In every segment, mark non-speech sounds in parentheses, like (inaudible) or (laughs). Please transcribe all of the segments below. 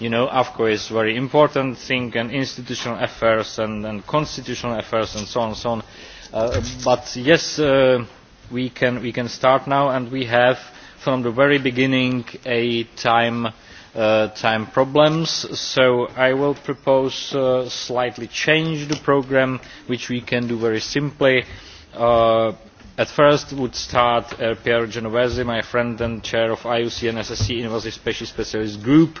you know afco is a very important thing and institutional affairs and, constitutional affairs and so on and so on uh, but yes uh, we can start now and we have from the very beginning a time uh, problems so i will propose slightly change the programme, which we can do very simply at first would start Pierre Genovese, my friend and chair of IUCN SSC Invasive Species Specialist Group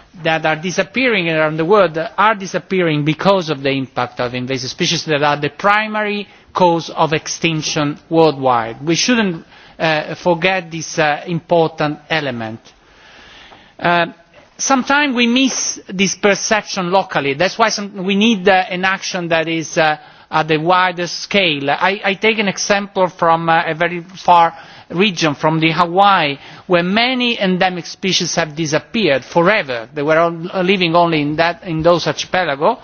that are disappearing around the world are disappearing because of the impact of invasive species that are the primary cause of extinction worldwide. We shouldn't not uh, forget this uh, important element. Uh, sometimes we miss this perception locally. That is why we need an action that is at a wider scale. I, I take an example from a very far region from hawaii where many endemic species have disappeared forever they were uh, living only in, those archipelagos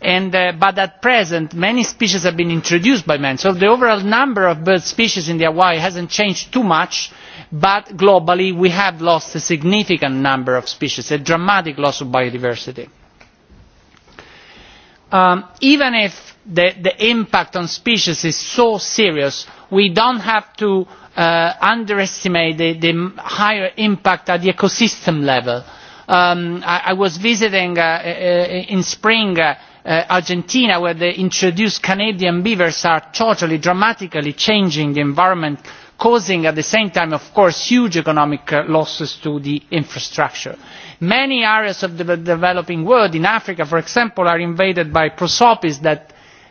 uh, but at present many species have been introduced by man so the overall number of bird species in the hawaii has not changed too much but globally we have lost a significant number of species a dramatic loss of biodiversity. Um, even if the, the impact on species is so serious we do not have to uh, underestimate the, higher impact at the ecosystem level. Um, I, was visiting uh, uh, in spring Argentina where the introduced Canadian beavers are totally dramatically changing the environment causing at the same time of course huge economic losses to the infrastructure. Many areas of the developing world in Africa for example are invaded by prosopis that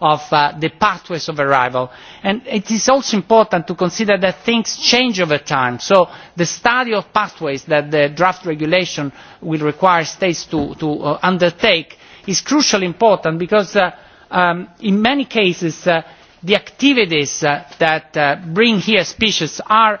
of uh, the pathways of arrival. it is also important to consider that things change over time. So the study of pathways that the draft regulation will require states to, uh, undertake is crucially important because uh, um, in many cases the activities that bring here species are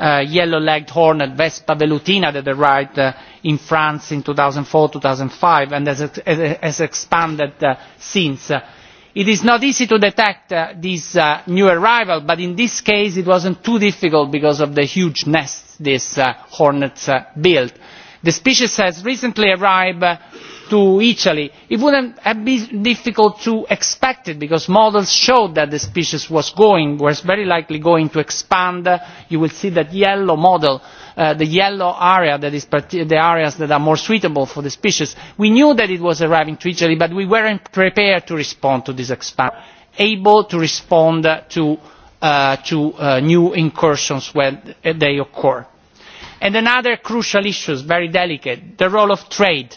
Uh, yellow legged hornet vespa velutina that arrived uh, in france in two thousand and four two thousand and five and has, has expanded uh, since. it is not easy to detect this new arrival but in this case it was not too difficult because of the huge nests these hornets built. the species has recently arrived to italy it would not have been difficult to expect it because models showed that the species was going was very likely going to expand. you will see that yellow model uh, the yellow area that is the areas that are more suitable for the species. we knew that it was arriving to italy but we were not prepared to respond to this expansion able to respond to, uh, uh, new incursions when they occur. another crucial issue very delicate the role of trade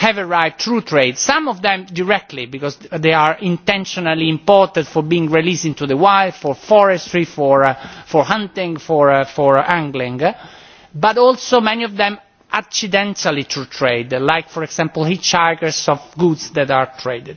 have arrived through trade some of them directly because they are intentionally imported for being released into the wild for forestry for, uh, hunting for, uh, for angling but also many of them accidentally through trade like for example hitchhikers of goods that are traded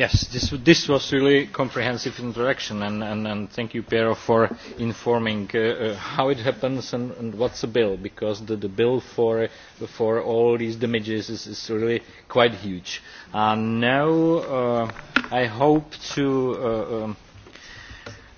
Yes, this, this was really comprehensive introduction and, and, and thank you, Piero, for informing uh, uh how it happens and, and what's the bill, because the, the bill for, for all these damages is, is really quite huge. And now uh, I hope to uh, um,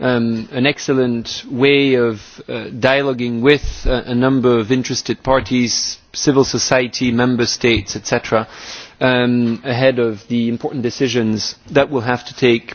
um, an excellent way of uh, dialoguing with a, uh, a number of interested parties, civil society, member states, etc., um, ahead of the important decisions that will have to take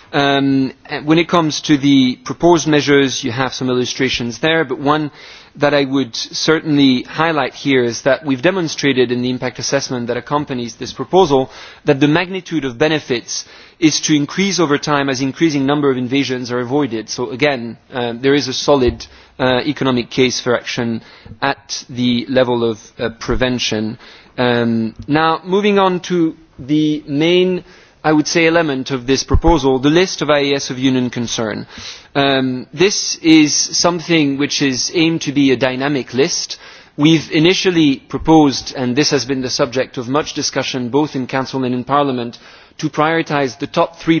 Um, when it comes to the proposed measures, you have some illustrations there, but one that I would certainly highlight here is that we've demonstrated in the impact assessment that accompanies this proposal that the magnitude of benefits is to increase over time as increasing number of invasions are avoided. So again, um, there is a solid uh, economic case for action at the level of uh, prevention. Um, now, moving on to the main i would say element of this proposal the list of ias of union concern. Um, this is something which is aimed to be a dynamic list. we have initially proposed and this has been the subject of much discussion both in council and in parliament to prioritise the top three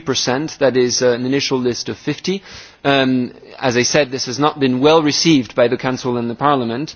that is uh, an initial list of fifty um, as i said this has not been well received by the council and the parliament.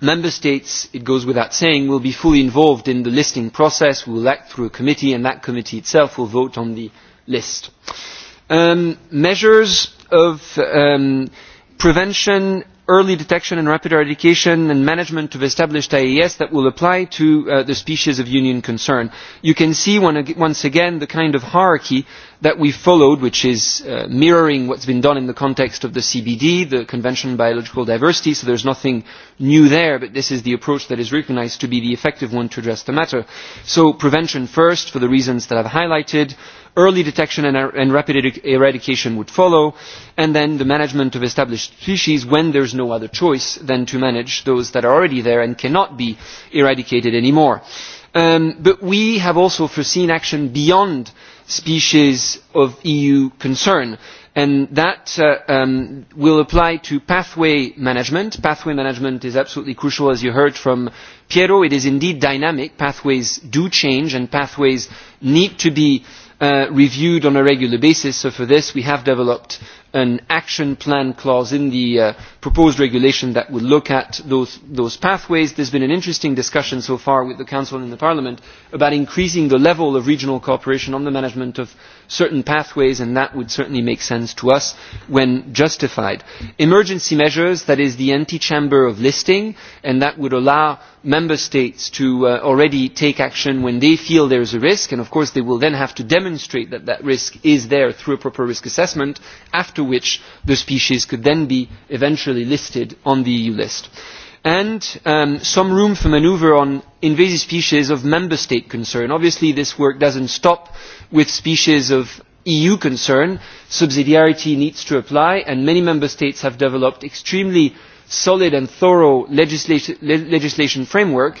member states it goes without saying will be fully involved in the listing process will act through a committee and that committee itself will vote on the list. Um, measures of um, prevention early detection and rapid eradication and management of established ias that will apply to uh, the species of union concern. you can see once again the kind of hierarchy that we followed, which is uh, mirroring what's been done in the context of the CBD, the Convention on Biological Diversity, so there's nothing new there, but this is the approach that is recognised to be the effective one to address the matter. So prevention first, for the reasons that I've highlighted, early detection and, er, and rapid eradication would follow, and then the management of established species when there's no other choice than to manage those that are already there and cannot be eradicated anymore. Um, but we have also foreseen action beyond species of EU concern and that uh, um, will apply to pathway management. Pathway management is absolutely crucial as you heard from Piero. It is indeed dynamic. Pathways do change and pathways need to be Uh, reviewed on a regular basis so for this we have developed an action plan clause in the uh, proposed regulation that would look at those, those pathways. there has been an interesting discussion so far with the council and the parliament about increasing the level of regional cooperation on the management of certain pathways and that would certainly make sense to us when justified. Emergency measures, that is the chamber of listing and that would allow member states to uh, already take action when they feel there is a risk and of course they will then have to demonstrate that that risk is there through a proper risk assessment after which the species could then be eventually listed on the EU list and um, some room for manoeuvre on invasive species of member state concern. obviously this work does not stop with species of eu concern. subsidiarity needs to apply and many member states have developed extremely solid and thorough legislation frameworks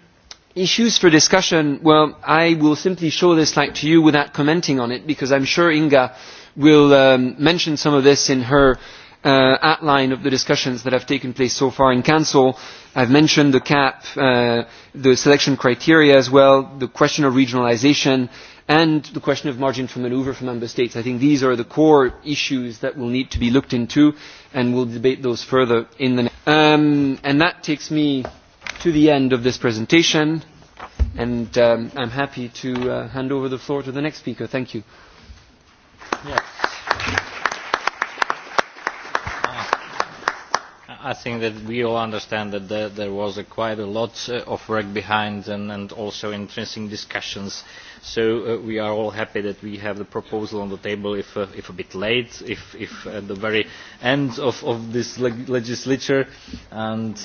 Issues for discussion, well, I will simply show this slide to you without commenting on it because I'm sure Inga will um, mention some of this in her uh, outline of the discussions that have taken place so far in Council. I've mentioned the cap, uh, the selection criteria as well, the question of regionalisation and the question of margin for maneuver for member states. I think these are the core issues that will need to be looked into and we'll debate those further in the next. Um, and that takes me to the end of this presentation and um, I'm happy to uh, hand over the floor to the next speaker. Thank you. Yeah. I think that we all understand that there, there was quite a lot uh, of work behind and, and also interesting discussions. So uh, we are all happy that we have the proposal on the table, if, uh, if a bit late, if, if at the very end of, this legislature, and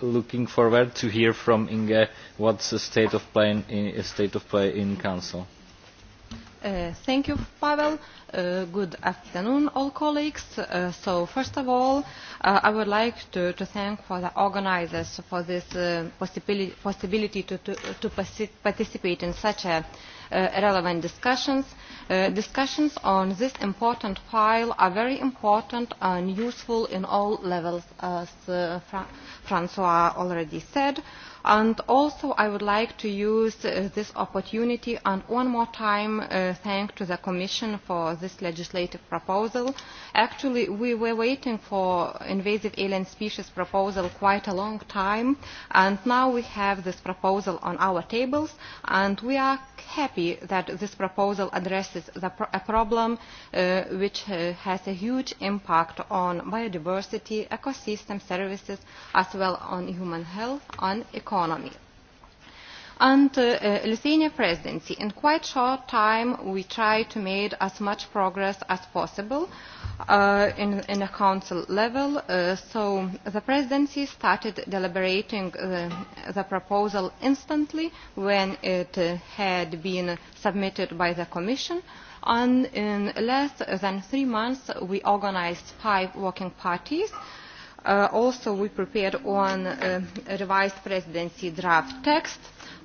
looking forward to hear from Inge what's the state of play in, state of play in Council. Uh, thank you, Pavel. Uh, good afternoon, all colleagues. Uh, so, first of all, uh, I would like to, to thank for the organizers for this uh, possibility, possibility to, to, to participate in such a Uh, relevant discussions. Uh, discussions on this important file are very important and useful in all levels, as uh, Fra Francois already said. And also I would like to use this opportunity and one more time thank to the Commission for this legislative proposal. Actually we were waiting for invasive alien species proposal quite a long time and now we have this proposal on our tables and we are happy happy that this proposal addresses the pro a problem uh, which uh, has a huge impact on biodiversity, ecosystem services, as well on human health and economy. And uh, uh, Lithuania presidency, in quite short time, we try to make as much progress as possible Uh, in, in a council level uh, so the presidency started deliberating the proposal instantly when it had been submitted by the commission and in less than three months we organised five working parties. Uh, also we prepared one uh, revised presidency draft text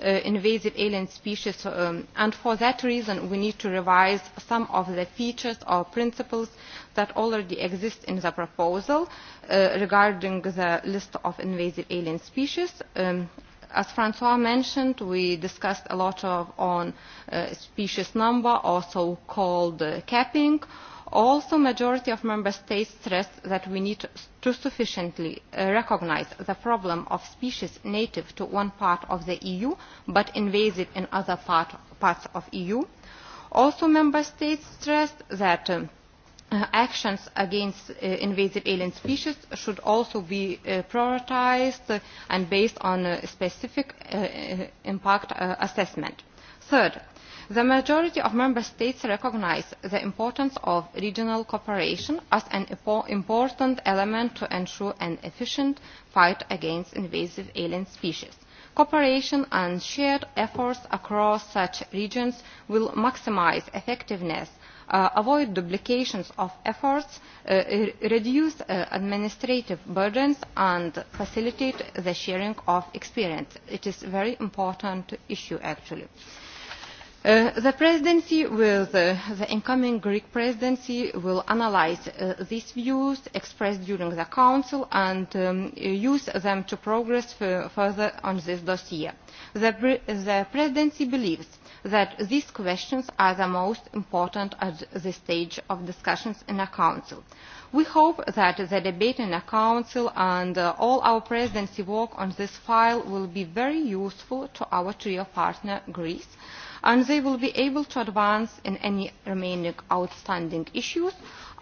Uh, invasive alien species um, and for that reason we need to revise some of the features or principles that already exist in the proposal uh, regarding the list of invasive alien species um, as Francois mentioned, we discussed a lot of on uh, species number, also called uh, capping. Also, majority of member states stressed that we need to sufficiently uh, recognize the problem of species native to one part of the EU, but invasive in other part, parts of EU. Also, member states stressed that um, Uh, actions against uh, invasive alien species should also be uh, prioritised and based on a specific impact assessment. third the majority of member states recognise the importance of regional cooperation as an important element to ensure an efficient fight against invasive alien species. cooperation and shared efforts across such regions will maximise effectiveness Uh, avoid duplication of efforts uh, reduce uh, administrative burdens and facilitate the sharing of experience. it is a very important issue actually. the presidency with the incoming greek presidency will analyse these views expressed during the council and um, use them to progress further on this dossier. the presidency believes that these questions are the most important at this stage of discussions in a council. We hope that the debate in a council and uh, all our presidency work on this file will be very useful to our trio partner Greece and they will be able to advance in any remaining outstanding issues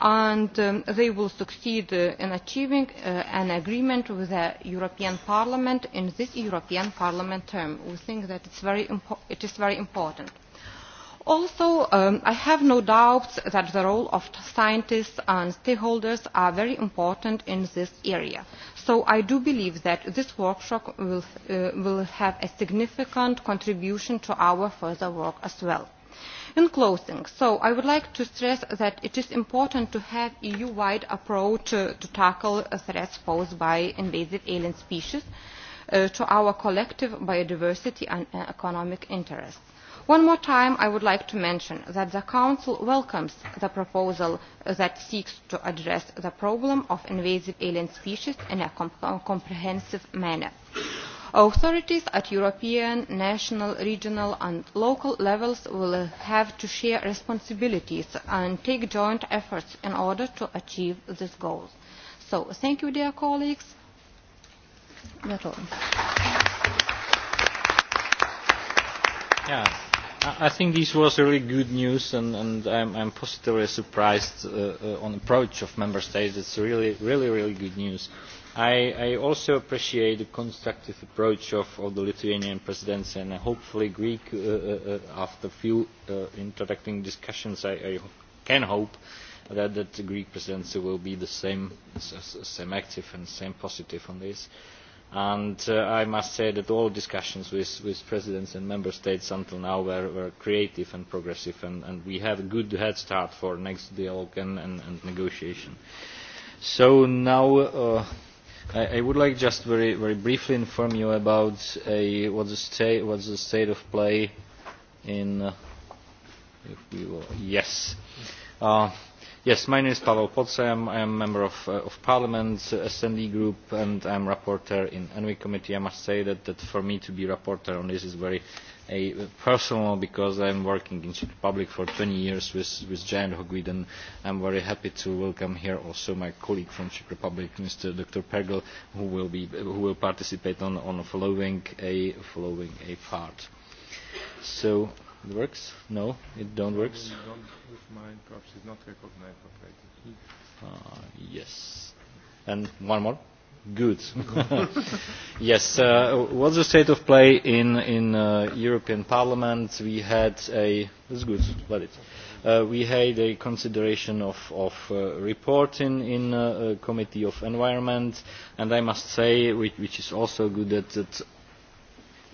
and um, they will succeed uh, in achieving uh, an agreement with the European Parliament in this European Parliament term. We think that it is very important. Also, um, I have no doubt that the role of scientists and stakeholders are very important in this area. So I do believe that this workshop will uh, have a significant contribution to our further work as well in closing so i would like to stress that it is important to have an e eu wide approach uh, to tackle uh, threats posed by invasive alien species uh, to our collective biodiversity and economic interests. one more time i would like to mention that the council welcomes the proposal that seeks to address the problem of invasive alien species in a comprehensive manner authorities at european national regional and local levels will have to share responsibilities and take joint efforts in order to achieve this goal. so thank you dear colleagues. i think this was really good news and, I I'm, positively surprised uh, uh, on the approach of member states. it's really, really, really good news i, also appreciate the constructive approach of, the Lithuanian presidency and hopefully Greek, uh, uh, uh few uh, interacting discussions, I, can hope that, the Greek presidency will be the same, same active and same positive on this. And I must say that all discussions with, with presidents and member states until now were, creative and progressive, and, we have a good head start for next dialogue and negotiation. So now... I, I would like just very, very briefly inform you about a, what's, the state, what's the state of play in... Uh, if we will, yes. Uh, Yes, my name is Pavel Potze, I am a member of, uh, Parliament's uh, S Group, and I am rapporteur in ENVI Committee. I must say that, for me to be rapporteur on this is very personal because I am working in Czech Republic for 20 years with, with Jan Hogwid and I am very happy to welcome here also my colleague from Czech Republic, Mr. Dr. Pergel, who will, be, who will participate on, on following, a, following a part. It works? No, it don't works. don't, with mine, perhaps it's not recognized operating. Uh, yes. And one more. Good. (laughs) yes. Uh, what's the state of play in in uh, European Parliament? We had a. It's good. Let it. Uh, we had a consideration of of uh, report in in uh, committee of environment, and I must say, which, which is also good that, that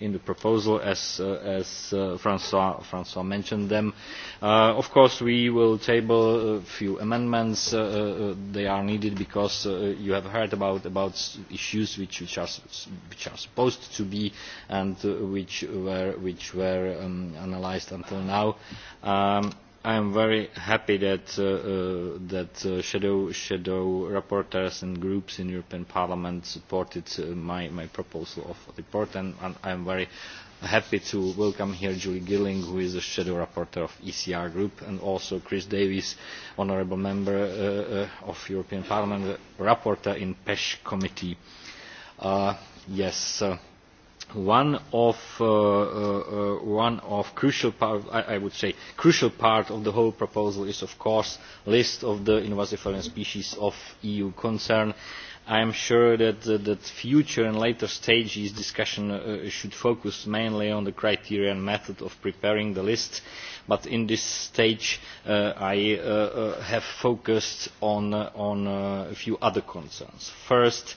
in the proposal as, uh, as uh, Francois, mentioned them. Uh, of course we will table a few amendments. They are needed because you have heard about, about issues which, which, are, supposed to be and which were, which were um, analyzed until now. Um, i am very happy that uh, uh, that uh, shadow shadow rapporteurs and groups in European Parliament supported my my proposal of report and, I am very happy to welcome here Julie Gilling, who is the shadow rapporteur of the ECR Group, and also Chris Davies, honourable member of European Parliament, rapporteur in the PESH committee. yes. Uh, uh, uh, one of crucial part I, would say crucial part of the whole proposal is of course the list of the invasive species of EU concern. I am sure that at future and later stages discussion should focus mainly on the criteria and method of preparing the list, but in this stage I have focused on a few other concerns. First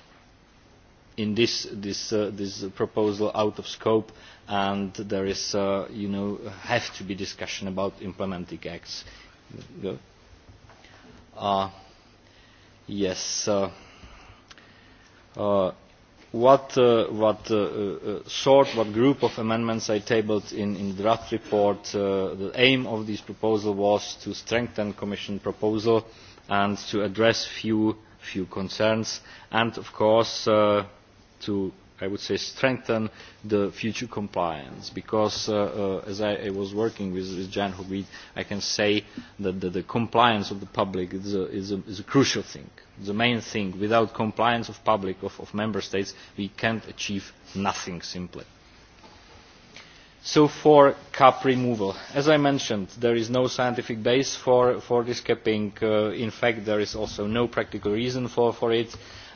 in this this uh, this proposal out of scope and there is uh, you know have to be discussion about implementing acts uh, yes what sort what group of amendments i tabled in the draft report the aim of this proposal was to strengthen the commission proposal and to address a few concerns and of course to i would say strengthen the future compliance because uh, uh, as I, was working with, with Jan Hubit, I can say that the, compliance of the public is a, crucial thing, the main thing. Without compliance of public, of, member states, we can't achieve nothing simply. So for cap removal, as I mentioned, there is no scientific base for, this capping. Uh, in fact, there is also no practical reason for, for it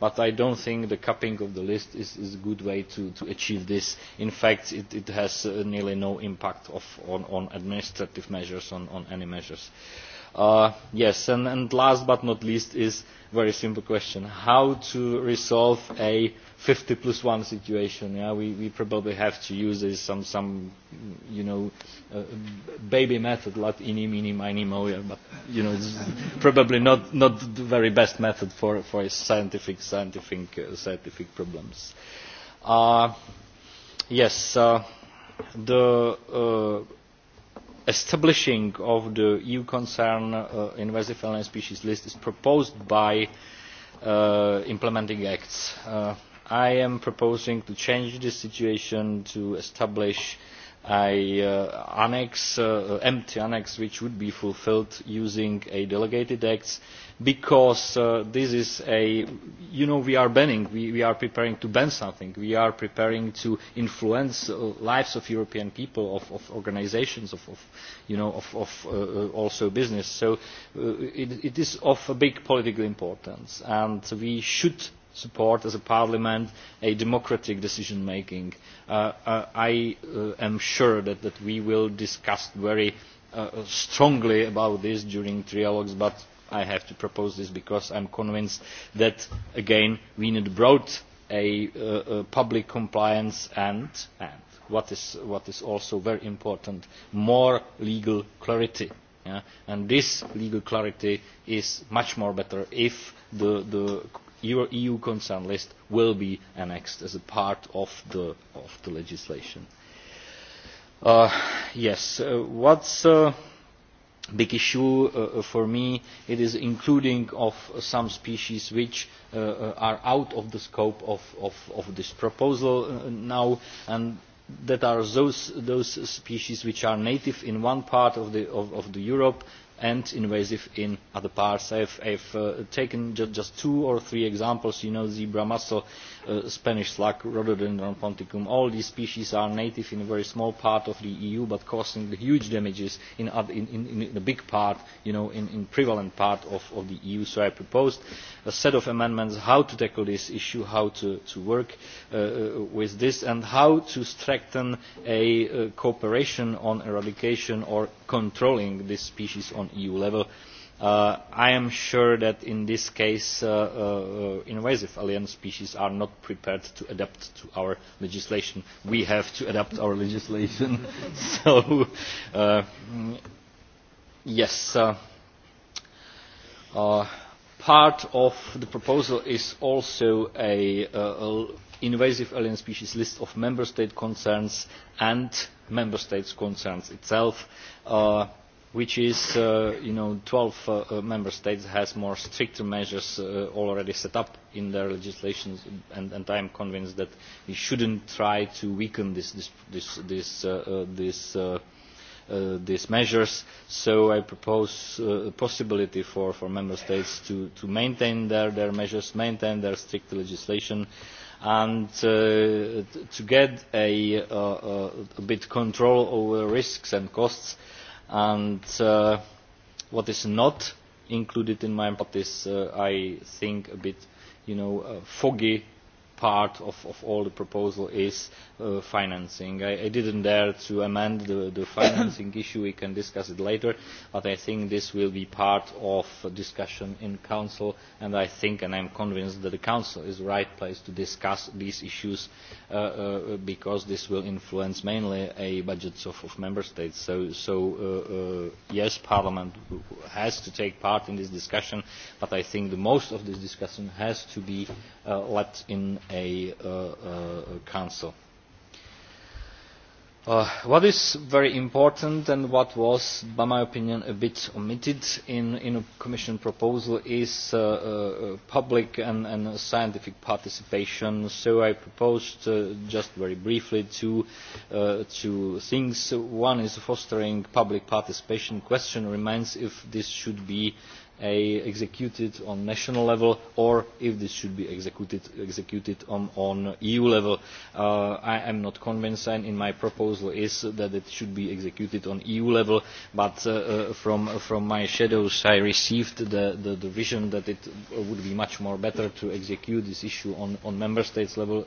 But I don't think the cupping of the list is, a good way to, achieve this. In fact, it, has uh, nearly no impact on, administrative measures, on, any measures. Uh, yes, and, last but not least is a very simple question. How to resolve a 50 plus one situation. Yeah? We, we probably have to use this some, some you know, uh, baby method, like ini, mini, mini, mo, but, you know, it's probably not, not the very best method for, for scientific, scientific, uh, scientific problems. Uh, yes, uh, the uh, establishing of the EU concern uh, invasive alien species list is proposed by uh, implementing acts. Uh, i am proposing to change this situation to establish uh, an uh, empty annex which would be fulfilled using a delegated act because uh, this is a you know we are banning we, are preparing to ban something we are preparing to influence the lives of european people of, of organisations of, of, also business so it, it is of a big political importance and we should support as a parliament a democratic decision making. Uh, uh, i uh, am sure that, we will discuss very strongly about this during trialogues but i have to propose this because i am convinced that again we need broad a, public compliance and, and what, is, also very important more legal clarity. and this legal clarity is much more better if the, the eu e concern list will be annexed as a part of the, of the legislation. Uh, yes, uh, what's a uh, big issue for me, it is including of some species which are out of the scope of, of, this proposal now and that are those, those species which are native in one part of, the, of the Europe and invasive in other parts. I have uh, taken just two or three examples, you know, zebra mussel, uh, Spanish slug, rhododendron ponticum. All these species are native in a very small part of the EU, but causing huge damages in, other, in, in, a big part, you know, in, in prevalent part of, of the EU. So I proposed a set of amendments how to tackle this issue how to, work uh, uh, with this and how to strengthen a uh, cooperation on eradication or controlling this species on eu level. I am sure that in this case invasive alien species are not prepared to adapt to our legislation. We have to adapt our legislation. (laughs) so, mm, yes part of the proposal is also an invasive alien species list of member state concerns and member states' concerns itself uh, which is uh, you know twelve uh, member states have more stricter measures already set up in their legislation and, i am convinced that we should not try to weaken this, this, this, this Uh, these measures so i propose uh, a possibility for, for member states to, to maintain their, their measures maintain their strict legislation and uh, to get a, bit bit control over risks and costs and what is not included in my report is i think a bit you know foggy part of, of all the proposal is uh, financing. I, I didn't dare to amend the, (coughs) financing issue. We can discuss it later, but I think this will be part of discussion in Council, and I think and I am convinced that the Council is the right place to discuss these issues uh, uh, because this will influence mainly a budgets of, Member States. So, so yes, Parliament has to take part in this discussion, but I think the most of this discussion has to be left in a uh, uh, council. Uh, what is very important and what was by my opinion a bit omitted in, in a commission proposal is public and, and scientific participation so i proposed just very briefly two, two things. one is fostering public participation. the question remains if this should be a, executed on national level or if this should be executed, executed on, EU level. Uh, I am not convinced and in my proposal is that it should be executed on EU level, but uh, uh, from, from my shadows I received the, the, vision that it would be much more better to execute this issue on Member States level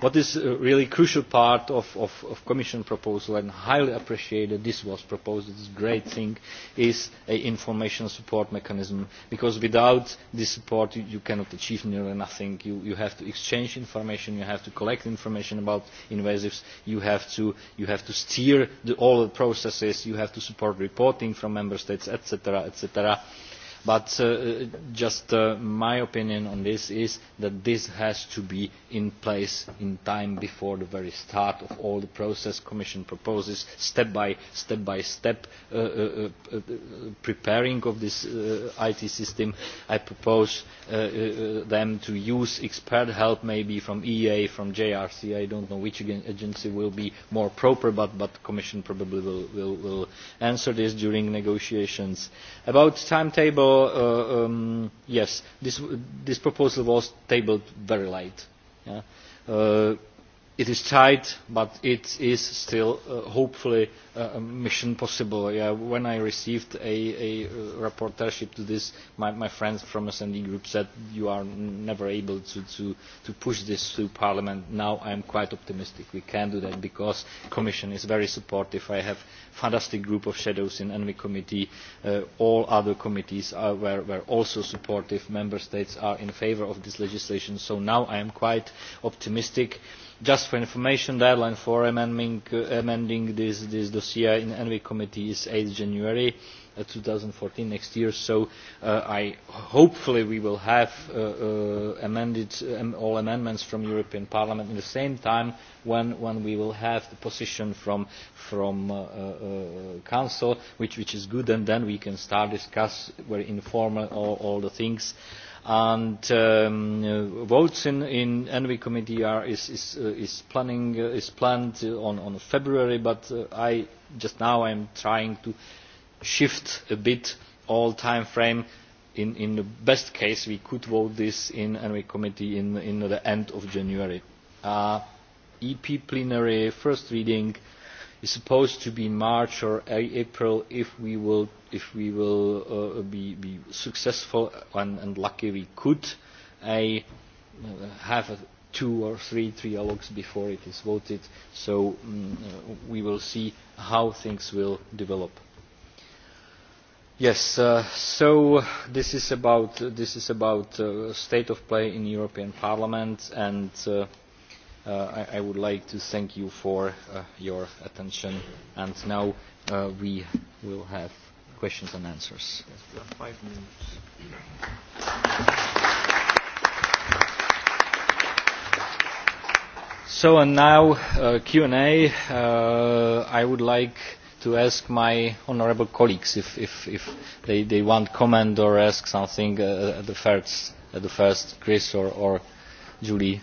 what is a uh, really crucial part of the commission proposal and highly appreciated this was proposed this great thing is an information support mechanism because without this support you, cannot achieve nearly nothing you, have to exchange information you have to collect information about invasives you have to, you have to steer all the processes you have to support reporting from member states etc. etc but uh, just uh, my opinion on this is that this has to be in place in time before the very start of all the process the commission proposes step by step by step uh, preparing of this it system. i propose them to use expert help maybe from EA, from jrc i don't know which agency will be more proper but the commission probably will, answer this during negotiations. about timetable Uh, um, yes this, proposal was tabled very late. Uh, it is tight but it is still uh, hopefully uh, a mission possible. when i received a, uh, rapporteurship to this my, friends from the sd group said you are never able to, push this through parliament. now i am quite optimistic we can do that because the commission is very supportive. i have a fantastic group of shadows in the envi committee. all other committees are, were also supportive. member states are in favour of this legislation so now i am quite optimistic just for information the deadline for amending, this, this dossier in the committee is 8 january 2014 uh, next year so uh, I hopefully we will have uh, amended um, all amendments from European Parliament at the same time when, we will have the position from, from Council which, is good and then we can start discuss very informal all the things and um, votes in the envi committee are is is uh, planning uh, is planned on on february but uh, i just now am trying to shift a bit all time frame in in the best case we could vote this in envi committee in the end of january ep plenary first reading is supposed to be March or April if we will, if we will uh, be, be successful and, and lucky we could uh, have two or three trialogues before it is voted so mm, uh, we will see how things will develop. Yes, uh, so this is about, this is about uh, state of play in European Parliament and uh, Uh, I, I would like to thank you for uh, your attention. And now uh, we will have questions and answers. minutes. So and now uh, Q&A. Uh, I would like to ask my honourable colleagues if, if, if they, they want comment or ask something uh, at the first, at the first Chris or, or Julie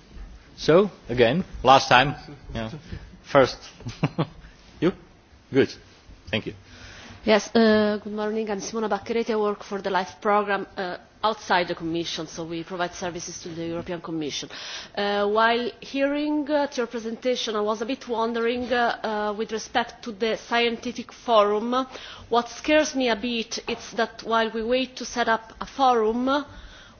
So, again, last time. First. (laughs) you? Good. Thank you. Yes, uh, good morning. I'm Simona bacchetti I work for the LIFE programme uh, outside the Commission, so we provide services to the European Commission. Uh, while hearing your presentation, I was a bit wondering, with respect to the scientific forum, what scares me a bit is that while we wait to set up a forum,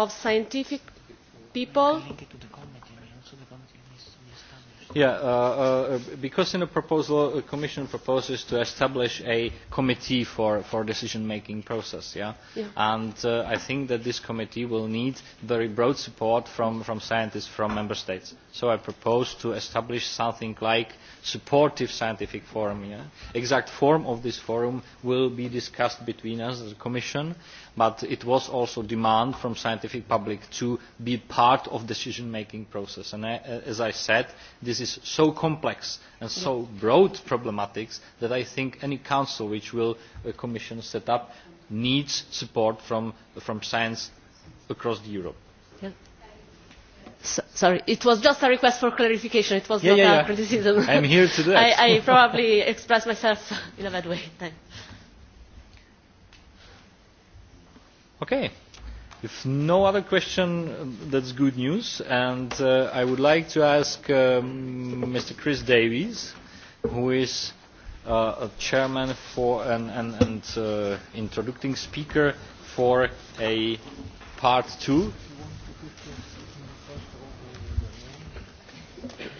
of scientific people Yeah, uh, uh because in the proposal the commission proposes to establish a committee for for decision making process yeah, and uh, i think that this committee will need very broad support from from scientists from member states so i propose to establish something like a supportive scientific forum. the exact form of this forum will be discussed between us as the commission but it was also a demand from the scientific public to be part of the decision making process and uh, as i said this is so complex and so broad problematic that i think any council which will the uh, commission set up needs support from, science across europe sorry, it was just a request for clarification. It was yeah, not yeah, a yeah. criticism. (laughs) I'm here to do (laughs) I, I probably (laughs) expressed myself in a bad way. Thanks. Okay. If no other question, that's good news. And uh, I would like to ask um, Mr. Chris Davies, who is uh, a chairman for and, and, and uh, introducing speaker for a part two tri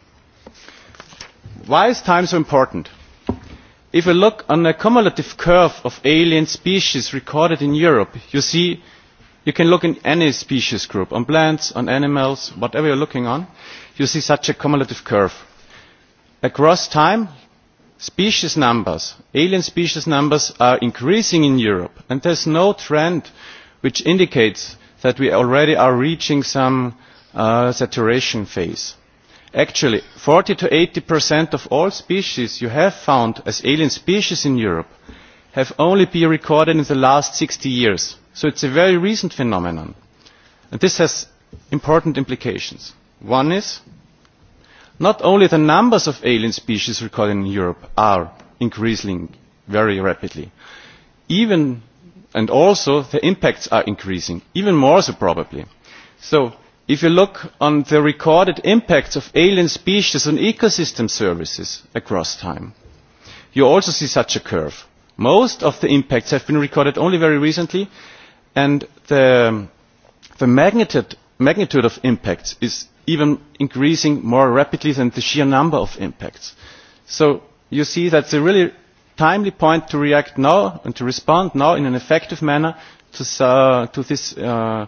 why is time so important? if you look on the cumulative curve of alien species recorded in europe you see you can look in any species group on plants on animals whatever you are looking on you see such a cumulative curve. across time species numbers alien species numbers are increasing in europe and there is no trend which indicates that we already are reaching some uh, saturation phase actually forty to eighty of all species you have found as alien species in europe have only been recorded in the last sixty years so it is a very recent phenomenon and this has important implications. one is not only the numbers of alien species recorded in europe are increasing very rapidly even and also the impacts are increasing even more so probably. so if you look at the recorded impacts of alien species on ecosystem services across time you also see such a curve. most of the impacts have been recorded only very recently and the, magnitude, of impacts is even increasing more rapidly than the sheer number of impacts. so you see that the a really timely point to react now and to respond now in an effective manner to, uh, to this uh,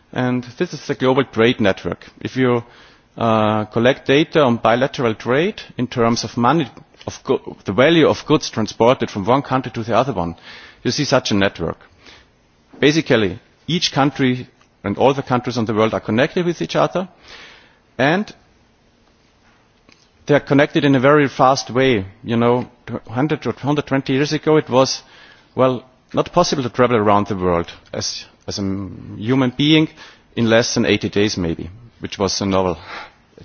and this is the global trade network. if you uh, collect data on bilateral trade in terms of money of the value of goods transported from one country to the other one you see such a network. basically each country and all the countries in the world are connected with each other and they are connected in a very fast way. you know 100 or 120 years ago it was well not possible to travel around the world as as a human being in less than 80 days maybe, which was a novel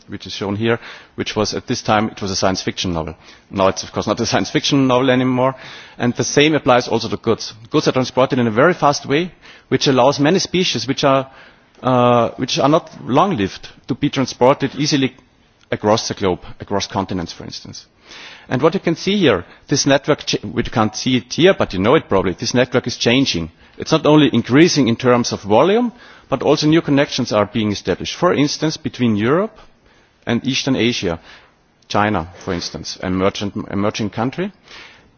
which is shown here, which was at this time it was a science fiction novel. Now it's of course not a science fiction novel anymore. And the same applies also to goods. Goods are transported in a very fast way, which allows many species which are, uh, which are not long-lived to be transported easily across the globe, across continents, for instance. And what you can see here, this network, we can't see it here, but you know it probably, this network is changing. It is not only increasing in terms of volume, but also new connections are being established, for instance, between Europe and Eastern Asia, China, for instance, an emerging, country.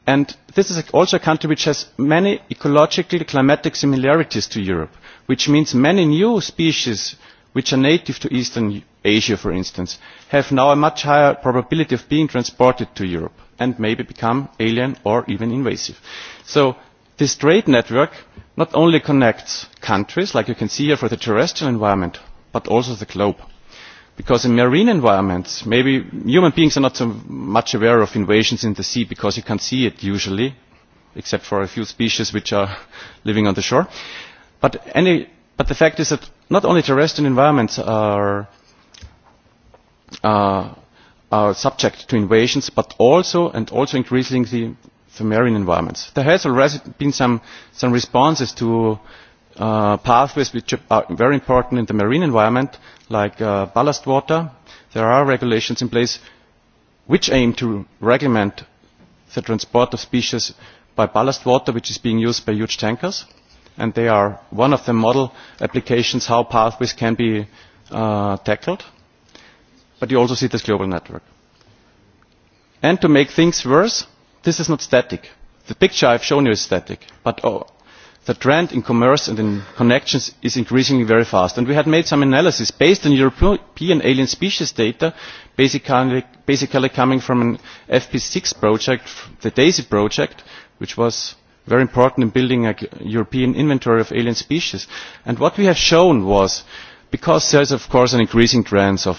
And this is also a country which has many ecological climatic similarities to Europe, which means many new species which are native to Eastern Asia, for instance, have now a much higher probability of being transported to Europe and maybe become alien or even invasive. So this trade network not only connects countries like you can see here for the terrestrial environment but also the globe because in marine environments maybe human beings are not so much aware of invasions in the sea because you can't see it usually except for a few species which are (laughs) living on the shore but any but the fact is that not only terrestrial environments are uh, are subject to invasions but also and also increasingly marine environments. There has already been some, some responses to uh, pathways which are very important in the marine environment, like uh, ballast water. There are regulations in place which aim to regulate the transport of species by ballast water, which is being used by huge tankers. And they are one of the model applications how pathways can be uh, tackled. But you also see this global network. And to make things worse, this is not static. the picture i have shown you is static but oh, the trend in commerce and in connections is increasing very fast and we had made some analysis based on european alien species data basically, basically coming from an fp6 project the daisy project which was very important in building a european inventory of alien species and what we have shown was because there is of course an increasing trend of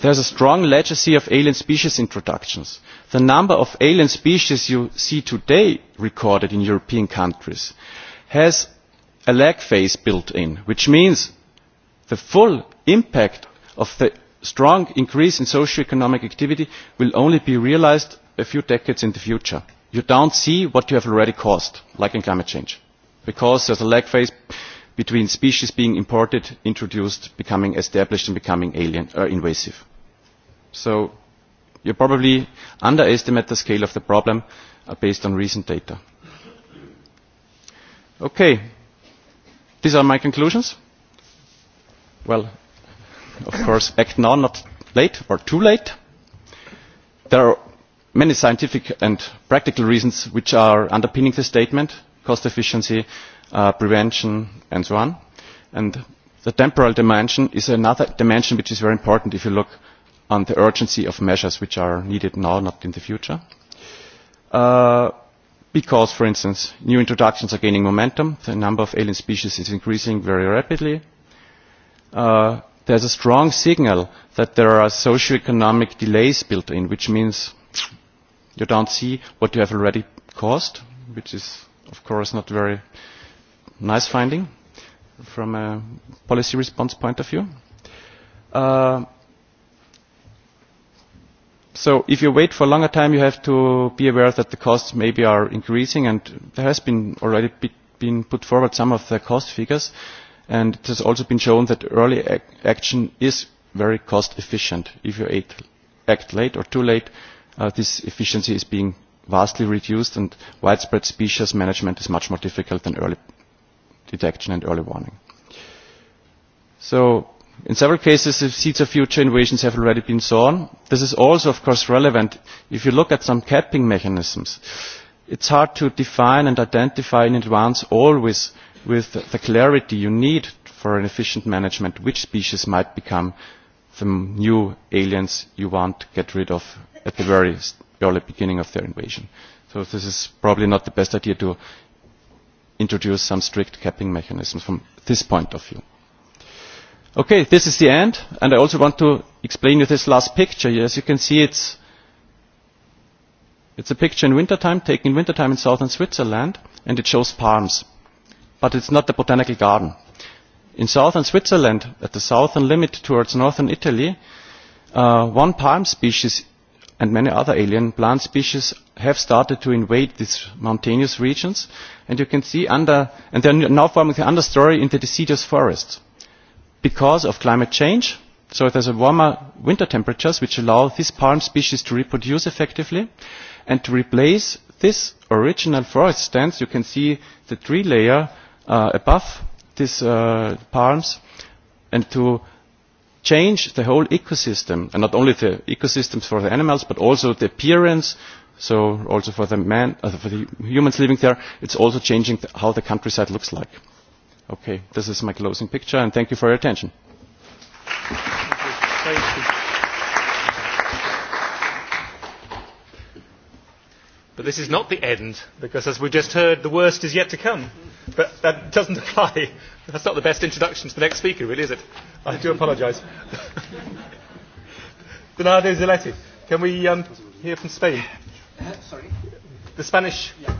There is a strong legacy of alien species introductions. The number of alien species you see today recorded in European countries has a lag phase built in, which means the full impact of the strong increase in socio-economic activity will only be realised a few decades in the future. You don't see what you have already caused, like in climate change, because there is a lag phase between species being imported, introduced, becoming established and becoming alien or uh, invasive so you probably underestimate the scale of the problem uh, based on recent data. Okay, these are my conclusions. Well, of course, act now, not late or too late. There are many scientific and practical reasons which are underpinning the statement, cost efficiency, uh, prevention, and so on. And the temporal dimension is another dimension which is very important if you look on the urgency of measures which are needed now, not in the future. Uh, because, for instance, new introductions are gaining momentum, the number of alien species is increasing very rapidly. Uh, there's a strong signal that there are socio-economic delays built in, which means you don't see what you have already caused, which is, of course, not very nice finding from a policy response point of view. Uh, so if you wait for a longer time you have to be aware that the costs maybe are increasing and there has been already been put forward some of the cost figures and it has also been shown that early action is very cost efficient. if you act late or too late uh, this efficiency is being vastly reduced and widespread species management is much more difficult than early detection and early warning. so in several cases the seeds of future innovations have already been sown. this is also of course relevant if you look at some capping mechanisms. it is hard to define and identify in advance always with the clarity you need for an efficient management which species might become the new aliens you want to get rid of at the very early beginning of their invasion. so this is probably not the best idea to introduce some strict capping mechanisms from this point of view. Okay, this is the end, and I also want to explain you this last picture. As you can see, it's, it's a picture in wintertime, taken in wintertime in southern Switzerland, and it shows palms. But it's not the botanical garden. In southern Switzerland, at the southern limit towards northern Italy, uh, one palm species and many other alien plant species have started to invade these mountainous regions, and you can see under, and they now forming the understory in the deciduous forests because of climate change. So there's a warmer winter temperatures which allow this palm species to reproduce effectively and to replace this original forest stands you can see the tree layer uh, above these uh, palms and to change the whole ecosystem and not only the ecosystems for the animals but also the appearance so also for the man uh, for the humans living there it's also changing the, how the countryside looks like. Okay, this is my closing picture, and thank you for your attention. Thank you. But this is not the end, because as we just heard, the worst is yet to come. But that doesn't (laughs) apply. That's not the best introduction to the next speaker, really, is it? I do apologise. (laughs) Bernardo Zeletti, can we um, hear from Spain? Uh, sorry? The Spanish yeah.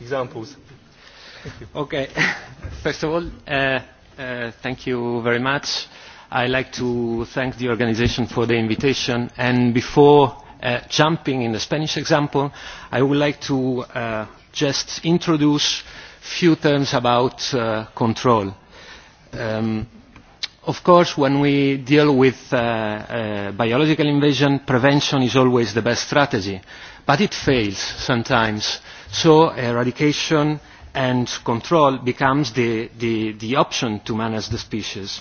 examples. Okay. First of all, uh, uh, thank you very much. i like to thank the organization for the invitation. And before uh, jumping in the Spanish example, I would like to uh, just introduce few terms about uh, control. Um, of course, when we deal with uh, uh, biological invasion, prevention is always the best strategy, but it fails sometimes. So eradication and control becomes the, the, the option to manage the species.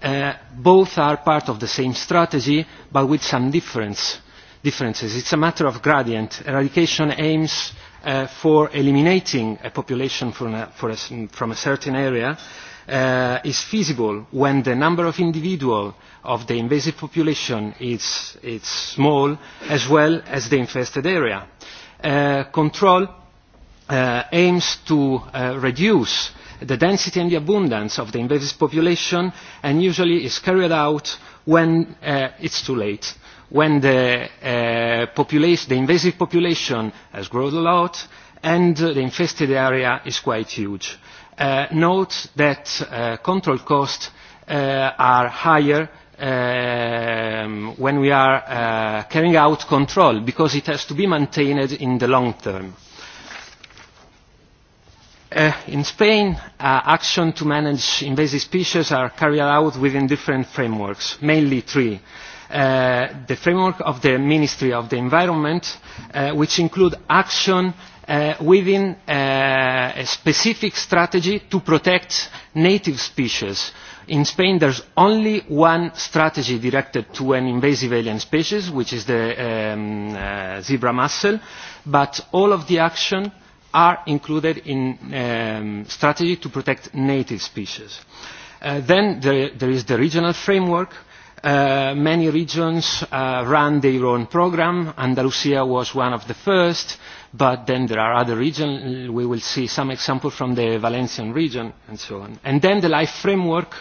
Uh, both are part of the same strategy but with some difference, differences. It's a matter of gradient. Eradication aims uh, for eliminating a population from a, from a certain area uh, is feasible when the number of individuals of the invasive population is, is small as well as the infested area. Uh, control Uh, aims to uh, reduce the density and the abundance of the invasive population and usually is carried out when uh, it is too late when the, the invasive population has grown a lot and the infested area is quite huge. note that control costs are higher um, when we are carrying out control because it has to be maintained in the long term Uh, in Spain, actions uh, action to manage invasive species are carried out within different frameworks, mainly three. Uh, the framework of the Ministry of the Environment, which include action within a specific strategy to protect native species. In Spain, there is only one strategy directed to an invasive alien species, which is the um, zebra mussel, but all of the action are included in um, strategy to protect native species. Uh, then there, there is the regional framework. Uh, many regions uh, their own program. Andalusia was one of the first, but then there are other regions. We will see some examples from the Valencian region and so on. And then the life framework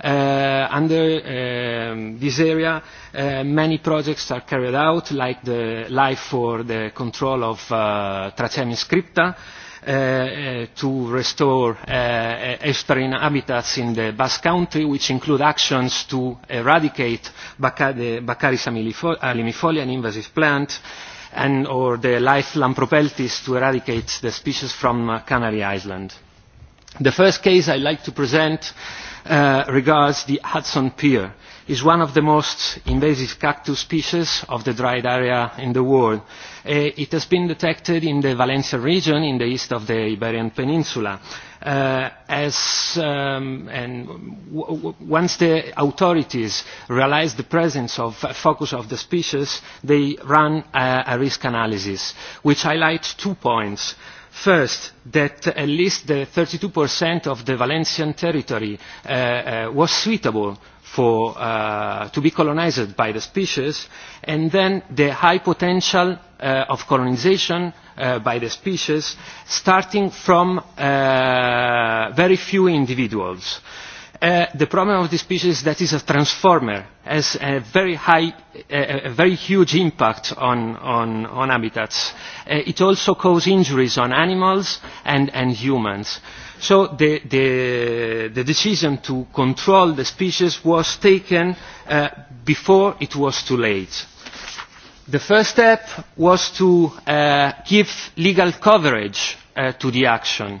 Uh, under um, this area uh, many projects are carried out like the life for the control of uh, Tracemi scripta uh, uh to restore uh, estuarine habitats in the Basque Country which include actions to eradicate the Bacaris alimifolia an invasive plant and or the life Lampropeltis to eradicate the species from uh, Canary Island the first case i would like to present uh, regards the hudson pier. it is one of the most invasive cactus species of the dried area in the world. Uh, it has been detected in the valencia region in the east of the iberian peninsula. Uh, as, um, and once the authorities realise the presence of a focus of the species they run a risk analysis which highlights two points first that at least the 32% of the valencian territory uh, uh, was suitable for uh, to be colonized by the species and then the high potential of colonization by the species starting from very few individuals Uh, the problem of this species is that it is a transformer, has a very high, a, very huge impact on, on, on habitats. Uh, it also causes injuries on animals and, and humans. So the, the, decision to control the species was taken uh, before it was too late. The first step was to give legal coverage to the action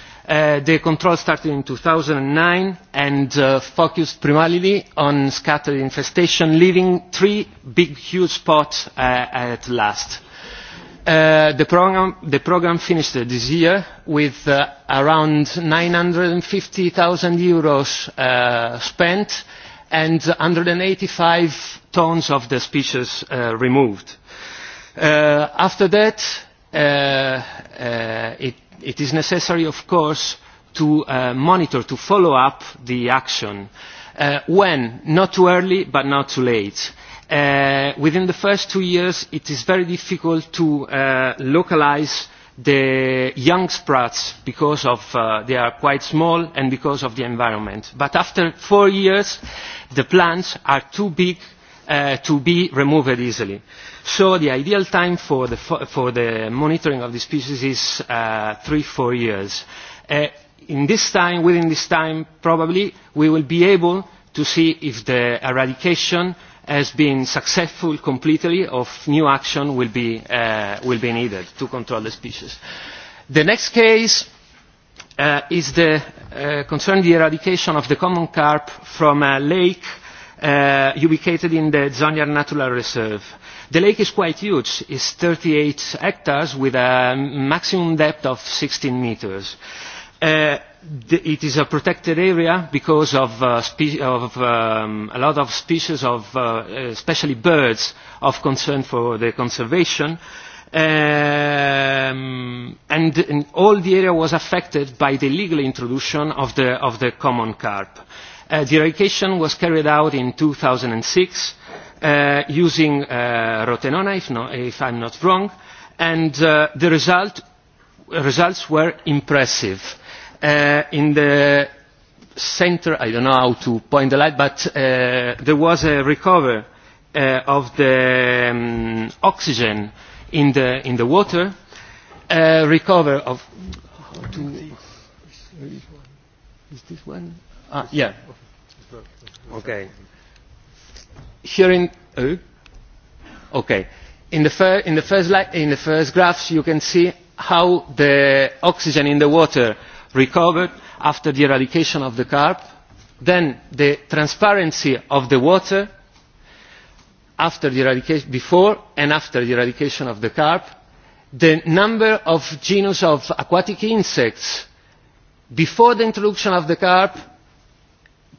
Uh, the control started in two thousand and and uh, focused primarily on scattered infestation, leaving three big, huge spots uh, at last. The programme finished this year with around nine hundred 950,000 euros spent and one hundred and eighty five tons of the species removed. After that, it it is necessary of course to uh, monitor to follow up the action uh, when not too early but not too late. Uh, within the first two years it is very difficult to localise the young sprouts because of, they are quite small and because of the environment. But after four years, the plants are too big Uh, to be removed easily. So the ideal time for the, for the monitoring of the species is three uh, three, four years. Uh, in this time, within this time, probably, we will be able to see if the eradication has been successful completely of new action will be, needed to control the species. The next case is the, concerning the eradication of the common carp from a lake uh, ubicated in the Zonyar Natural Reserve. The lake is quite huge. It's 38 hectares with a maximum depth of 16 meters. Uh, it is a protected area because of, uh, of um, a lot of species of, uh, especially birds, of concern for the conservation. Um, and, and all the area was affected by the legal introduction of the, of the common carp. Uh, the eradication was carried out in 2006 uh, using uh, rotenona, if, not if I'm not wrong, and uh, the result, results were impressive. Uh, in the center, I don't know how to point the light, but uh, there was a recovery uh, of the um, oxygen in the, in the water, uh, recover of... is this one? Ah, yeah Okay. Here in, okay. In the, in, the first in the first graphs you can see how the oxygen in the water recovered after the eradication of the carp, then the transparency of the water after the eradication, before and after the eradication of the carp, the number of genus of aquatic insects before the introduction of the carp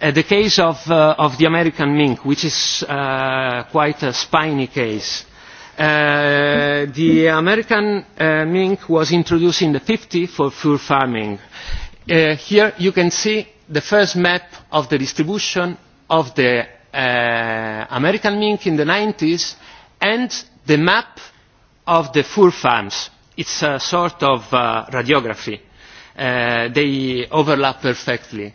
Uh, the case of, uh, of the american mink which is uh, quite a spiny case the american mink was introduced in the 50s for fur farming. here you can see the first map of the distribution of the american mink in the 90s and the map of the fur farms. it's a sort of radiography. they overlap perfectly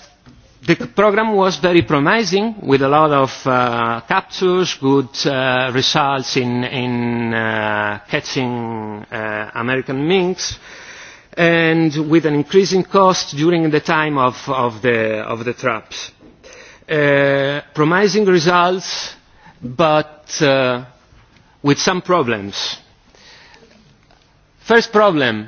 the programme was very promising with a lot of uh, captures, good uh, results in, in uh, catching uh, American minks, and with an increasing cost during the time of, of, the, of the traps. Uh, promising results, but uh, with some problems. First problem,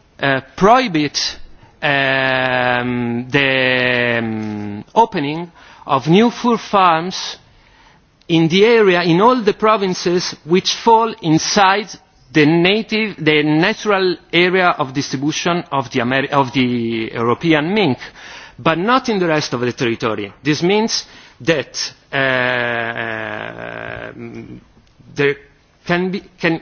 Uh, prohibit um, the um, opening of new fur farms in the area in all the provinces which fall inside the native the natural area of distribution of the, of the european mink but not in the rest of the territory. this means that uh, um, there can be, can,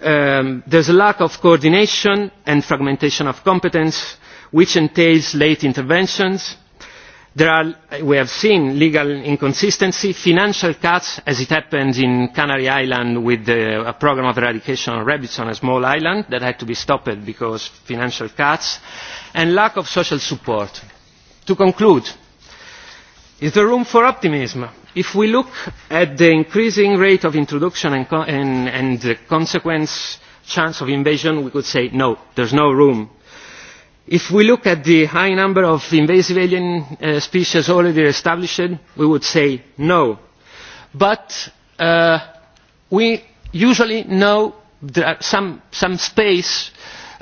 Um, there is a lack of coordination and fragmentation of competence which entails late interventions. there are we have seen legal inconsistency financial cuts as it happened in canary island with a programme of eradication of rabbits on a small island that had to be stopped because of financial cuts and lack of social support. to conclude is there room for optimism? if we look at the increasing rate of introduction and, and, and the consequent chance of invasion we could say no there is no room. if we look at the high number of invasive alien uh, species already established we would say no but uh, we usually know there some, some space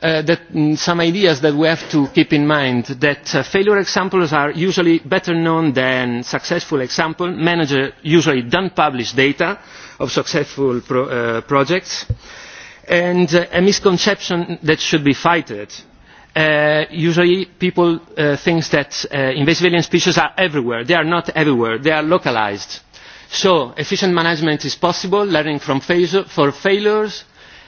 Uh, mm, some ideas that we have to keep in mind that uh, failure examples are usually better known than successful examples managers usually do not publish data of successful uh, projects and a misconception that should be fighted usually people think that invasive alien species are everywhere. they are not everywhere they are localised. so efficient management is possible learning from failures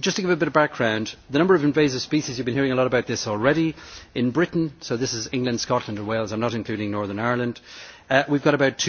just to give a bit of background the number of invasive species you've been hearing a lot about this already in britain so this is england scotland and wales i not including northern ireland uh, we've we got about.